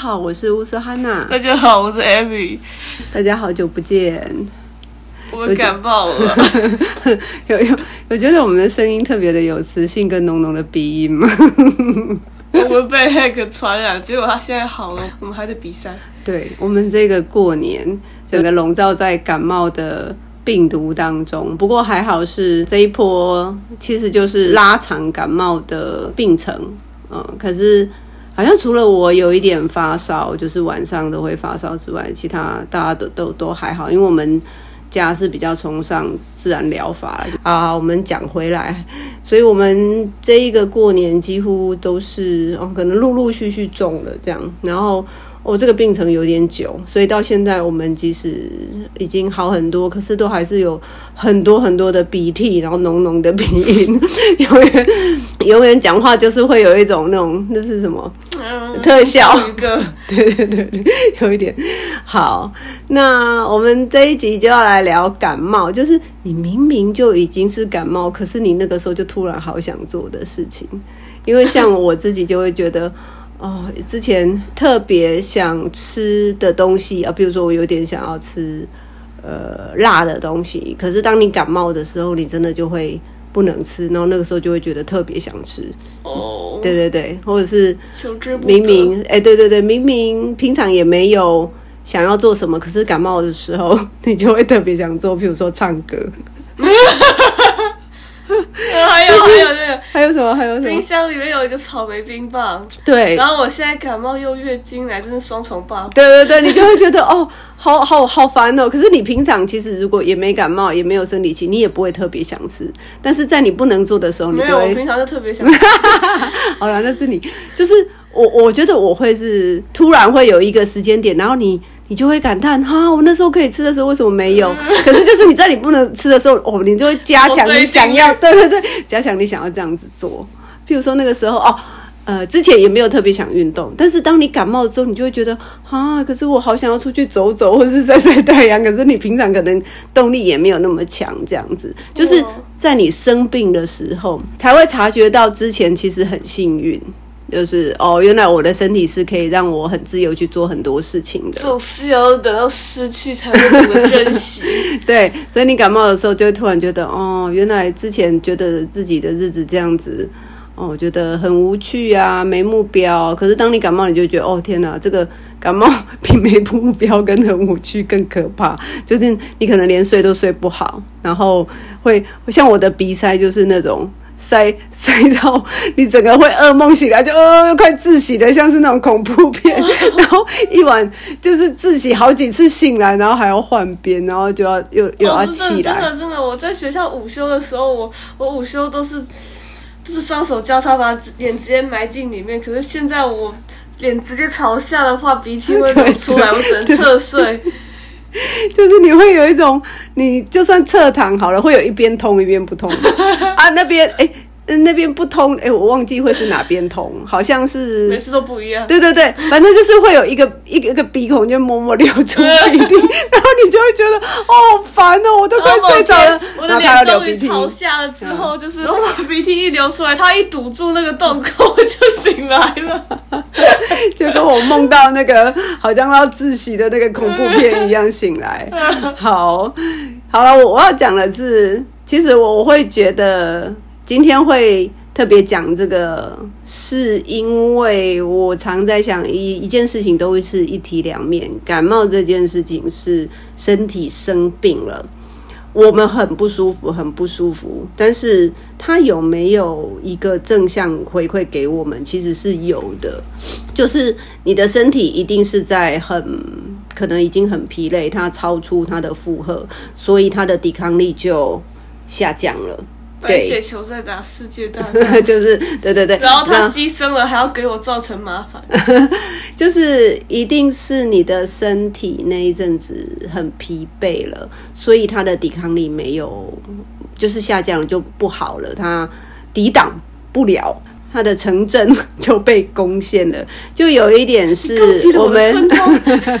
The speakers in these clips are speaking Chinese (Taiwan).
大家好，我是烏斯哈娜。大家好，我是艾米。大家好久不見，我感冒了。有有，我覺得我們的聲音特別的有磁性，跟濃濃的鼻音嗎？我們被 hack 傳染，結果他現在好了，我們還在鼻塞。對，我們這個過年整個籠罩在感冒的病毒當中，不過還好是這一波，其實就是拉長感冒的病程。嗯，可是。好像除了我有一點發燒，就是晚上都會發燒之外，其他大家都都都還好。因為我們家是比較崇尚自然療法啊，我們講回來，所以我們這一個過年幾乎都是哦，可能陸陸續續中了這樣，然後。哦，這個病程有點久，所以到現在我們即使已經好很多，可是都還是有很多很多的鼻涕，然後濃濃的鼻音，永遠永遠講話就是會有一種那種那是什麼、嗯、特效？一個對對對，有一點好。那我們這一集就要來聊感冒，就是你明明就已經是感冒，可是你那個時候就突然好想做的事情，因為像我自己就會覺得。 哦，之前特別想吃的東西啊，比如說我有點想要吃，呃，辣的東西。可是當你感冒的時候，你真的就會不能吃，然後那個時候就會覺得特別想吃。哦，對對對，或者是明明哎，欸、對對對，明明平常也沒有想要做什麼，可是感冒的時候你就會特別想做，比如說唱歌。嗯 還有什麼？還有什麼？冰箱裡面有一個草莓冰棒。對。然後我現在感冒又月經來，真是雙重 buff。對對對，你就會覺得 哦，好好好煩哦。可是你平常其實如果也沒感冒也沒有生理期，你也不會特別想吃。但是在你不能做的時候，你對我平常就特別想吃。哈哈哈哈！好啦，那是你，就是我，我覺得我會是突然會有一個時間點，然後你。你就會感嘆哈、啊，我那時候可以吃的時候為什麼沒有？ 可是就是你在你不能吃的時候，哦，你就會加強你想要，對對對，加強你想要這樣子做。譬如說那個時候哦，呃，之前也沒有特別想運動，但是當你感冒的時候，你就會覺得啊，可是我好想要出去走走，或是曬曬太陽。可是你平常可能動力也沒有那麼強，這樣子就是在你生病的時候才會察覺到之前其實很幸運。就是哦，原來我的身體是可以讓我很自由去做很多事情的。總是要等到失去才會懂得珍惜。 對，所以你感冒的時候，就會突然覺得哦，原來之前覺得自己的日子這樣子，哦，覺得很無趣啊，沒目標。可是當你感冒，你就覺得哦，天哪，這個感冒比沒目標跟很無趣更可怕，就是你可能連睡都睡不好，然後會像我的鼻塞，就是那種。塞塞到你整個會噩夢醒來，就呃、哦、又快窒息的，像是那種恐怖片。哦、然後一晚就是窒息好幾次醒來，然後還要換邊，然後就要又、哦、又要起來。哦、真的真的真的，我在學校午休的時候，我我午休都是就是雙手交叉把臉直接埋進裡面。可是現在我臉直接朝下的話，鼻涕會流出來，我只能側睡。就是你會有一種，你就算側躺好了，會有一邊痛一邊不痛。 啊，那邊哎。欸但那邊不通，欸，我忘記會是哪邊通，好像是每次都不一樣。對對對，反正就是會有一個一個一個鼻孔就默默流出鼻涕， 然後你就會覺得哦，好煩哦，喔，我都快睡着了。鼻我的臉終於朝下了之後，嗯、就是鼻涕一流出來，它一堵住那個洞口，我就醒來了， 就跟我夢到那個好像要窒息的那個恐怖片一樣醒來。好，好了，我我要講的是，其實我會覺得。今天會特別講這個，是因為我常在想一，一一件事情都會是一體兩面。感冒這件事情是身體生病了，我們很不舒服，很不舒服。但是它有沒有一個正向回饋給我們？其實是有的，就是你的身體一定是在很，可能已經很疲累，它超出它的負荷，所以它的抵抗力就下降了。對白血球在打世界大戰， 就是對對對，然後他犧牲了，後還要給我造成麻煩，就是一定是你的身體那一陣子很疲憊了，所以他的抵抗力沒有，就是下降了，就不好了，他抵擋不了，他的城鎮就被攻陷了。就有一點是我們。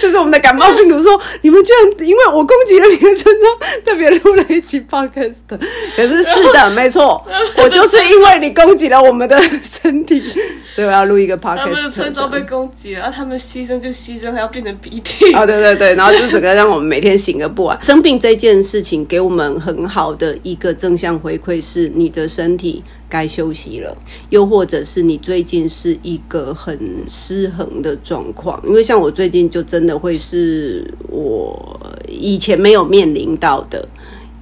就是我們的感冒病毒說：“ 你們居然因為我攻擊了你的村莊，特別錄了一集 podcast。”可是是的，沒錯，我就是因為你攻擊了我們的身體， 所以我要錄一個 podcast。他們的村莊被攻擊了，然後 他們犧牲就犧牲，還要變成鼻涕。啊、 哦，對對對，然後就整個讓我們每天醒個不完、啊。 生病這件事情給我們很好的一個正向回饋是你的身體該休息了，又或者是你最近是一個很失衡的狀況，因為像我最近就真的會是我以前沒有面臨到的，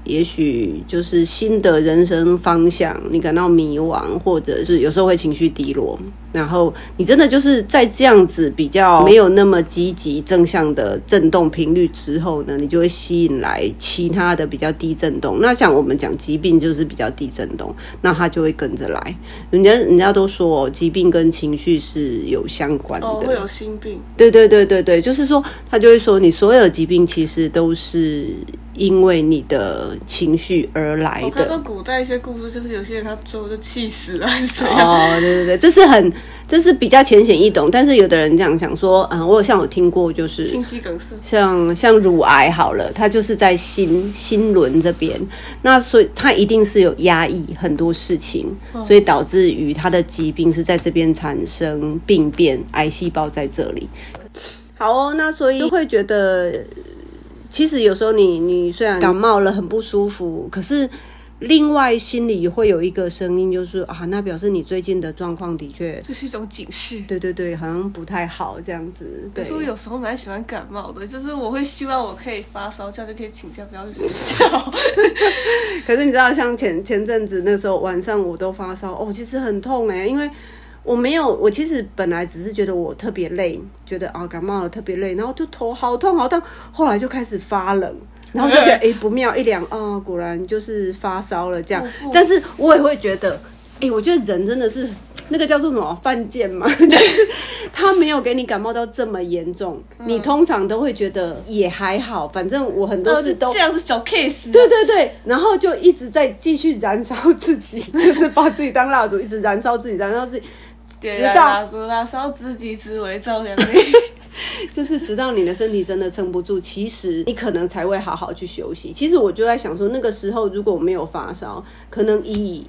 也許就是新的人生方向，你感到迷惘，或者是有時候會情緒低落。然後你真的就是在這樣子比較沒有那麼積極正向的震動頻率之後呢，你就會吸引來其他的比較低震動。那像我們講疾病就是比較低震動，那它就會跟着來。人家人家都說、哦、疾病跟情緒是有相關的，哦、會有心病。對對對對對，就是說他就會說你所有的疾病其實都是因為你的情緒而來的。我看、哦、古代一些故事，就是有些人他最後就氣死了，所以哦，對對對，這是很。這是比較淺顯易懂，但是有的人這樣想說，嗯、啊，我像有像我聽過，就是心肌梗塞，像像乳癌好了，它就是在心心輪這邊，那所以它一定是有壓抑很多事情，所以導致於它的疾病是在這邊產生病變，癌細胞在這裡。好哦，那所以會覺得，其實有時候你你雖然感冒了很不舒服，可是。另外，心裡會有一個聲音，就是啊，那表示你最近的狀況的確這是一種警示。對對對，好像不太好這樣子。對，可是我有時候蠻喜歡感冒的，就是我會希望我可以發燒，這樣就可以請假不要去學校。 可是你知道，像前前陣子那時候晚上我都發燒哦，其實很痛哎、欸，因為我沒有，我其實本來只是覺得我特別累，覺得啊感冒了特別累，然後就頭好痛好痛，後來就開始發冷。然後就覺得哎、欸、不妙，一量哦果然就是發燒了這樣，哦哦、但是我也會覺得哎、欸，我覺得人真的是那個叫做什麼犯賤嘛，就是他沒有給你感冒到這麼嚴重，嗯、你通常都會覺得也還好，反正我很多事都這樣的小 case。對對對，然後就一直在繼續燃燒自己，就是 把自己當蠟燭，一直燃燒自己，燃燒自己，直到蠟燭燃燒自己只為照亮你。 就是直到你的身體真的撐不住，其實你可能才會好好去休息。其實我就在想說，那個時候如果我沒有發燒，可能以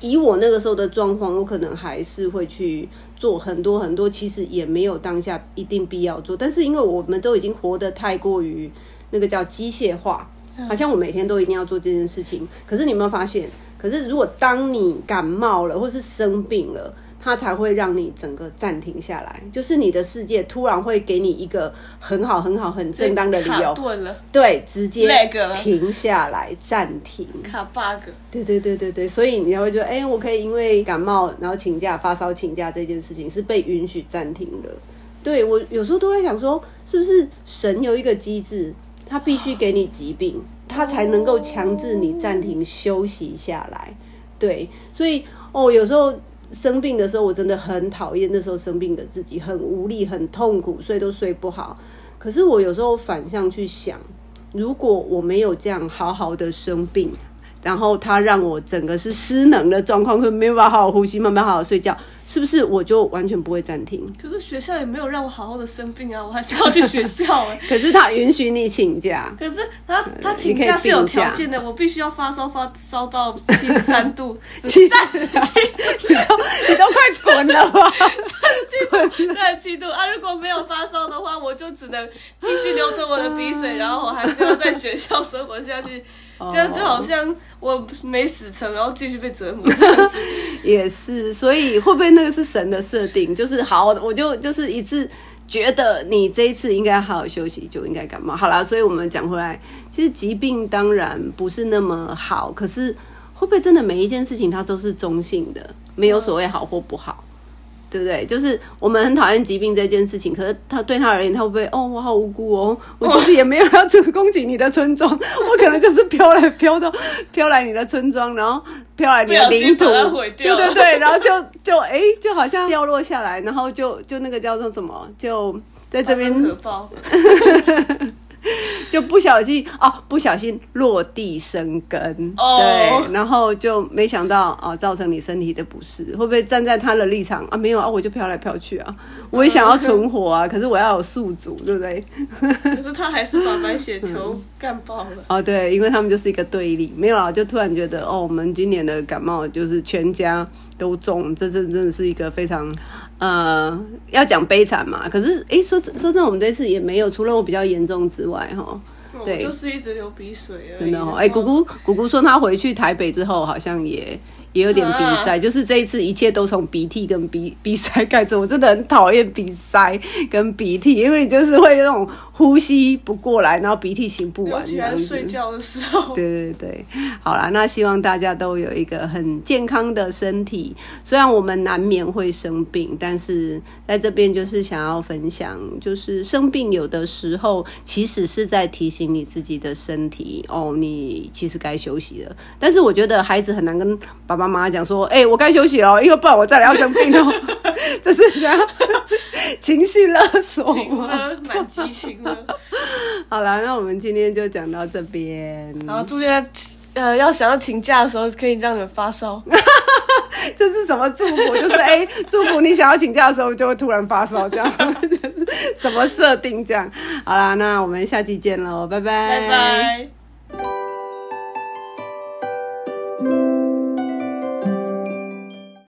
以我那個時候的狀況，我可能還是會去做很多很多。其實也沒有當下一定必要做，但是因為我們都已經活得太過於那個叫機械化，好像我每天都一定要做這件事情。可是你有沒有發現？可是如果當你感冒了或是生病了，它才會讓你整個暫停下來，就是你的世界突然會給你一個很好、很好、很正當的理由，對，卡頓了，對，直接停下來暫停卡 bug，對對對對對，所以你會覺得，哎、欸，我可以因為感冒然後請假，發燒請假這件事情是被允許暫停的。對，我有時候都在想說，是不是神有一個機制，他必須給你疾病，他、啊、才能夠強制你暫停休息下來？哦、對，所以哦，有時候。生病的時候，我真的很討厭那時候生病的自己，很無力，很痛苦，所以都睡不好。可是我有時候反向去想，如果我沒有這樣好好的生病，然後他讓我整個是失能的狀況，就沒辦法好好呼吸，慢慢好好睡覺，是不是我就完全不會暫停？可是學校也沒有讓我好好的生病啊，我還是要去學校、欸。 可是他允許你請假，可是他他請假是有條件的，我必須要發燒，發燒到七十三度七三發燒的話，我就只能繼續流着我的鼻水，嗯、然後我還是要在學校生活下去，嗯、這樣就好像我沒死成，然後繼續被折磨。也是，所以會不會那個是神的設定？就是好，我就就是一次覺得你這一次應該好好休息，就應該感冒。好了，所以我們講回來，其實疾病當然不是那麼好，可是會不會真的每一件事情它都是中性的，沒有所謂好或不好？對不對？就是我們很討厭疾病這件事情，可是他對他而言，他會不會哦？我好無辜哦！我其實也沒有要這個攻擊你的村莊，我可能就是飄來飄到，飄來你的村莊，然後飄來你的領土，對對對，然後就就哎，就好像掉落下來，然後就就那個叫做什麼，就在這邊。 就不小心哦、啊，不小心落地生根，oh. 對，然後就沒想到啊，造成你身體的不適，會不會站在他的立場啊，沒有啊，我就飄來飄去啊，我也想要存活啊，oh. 可是我要有宿主，對不對？可是他還是把白血球幹爆了、 嗯，啊！對，因為他們就是一個對立，沒有啊，就突然覺得哦，我們今年的感冒就是全家都中，這真的是一個非常。呃，要講悲慘嘛？可是，哎、欸，說說真，我們這次也沒有，除了我比較嚴重之外，吼，對，就是一直流鼻水而已，真的吼，哎後、欸，姑姑 姑姑說她回去台北之後，好像也。也有點鼻塞，啊、就是這一次一切都從鼻涕跟鼻鼻塞開始。我真的很討厭鼻塞跟鼻涕，因為就是會那種呼吸不過來，然後鼻涕擤不完。喜歡睡覺的時候。對對對，好啦，那希望大家都有一個很健康的身體。雖然我們難免會生病，但是在這邊就是想要分享，就是生病有的時候其實是在提醒你自己的身體，哦，你其實該休息了。但是我覺得孩子很難跟爸爸。媽媽講說：“哎、欸，我該休息嘍，因為不然我再來要生病嘍。” 這是這樣，情緒勒索，蠻激情的。好了，那我們今天就講到這邊。然後祝願呃要想要請假的時候，可以這樣子發燒， 這是什麼祝福？就是哎、欸，祝福你想要請假的時候，就會突然發燒這樣， 這是什麼設定？這樣，好了，那我們下期見嘍，拜，拜拜。Bye bye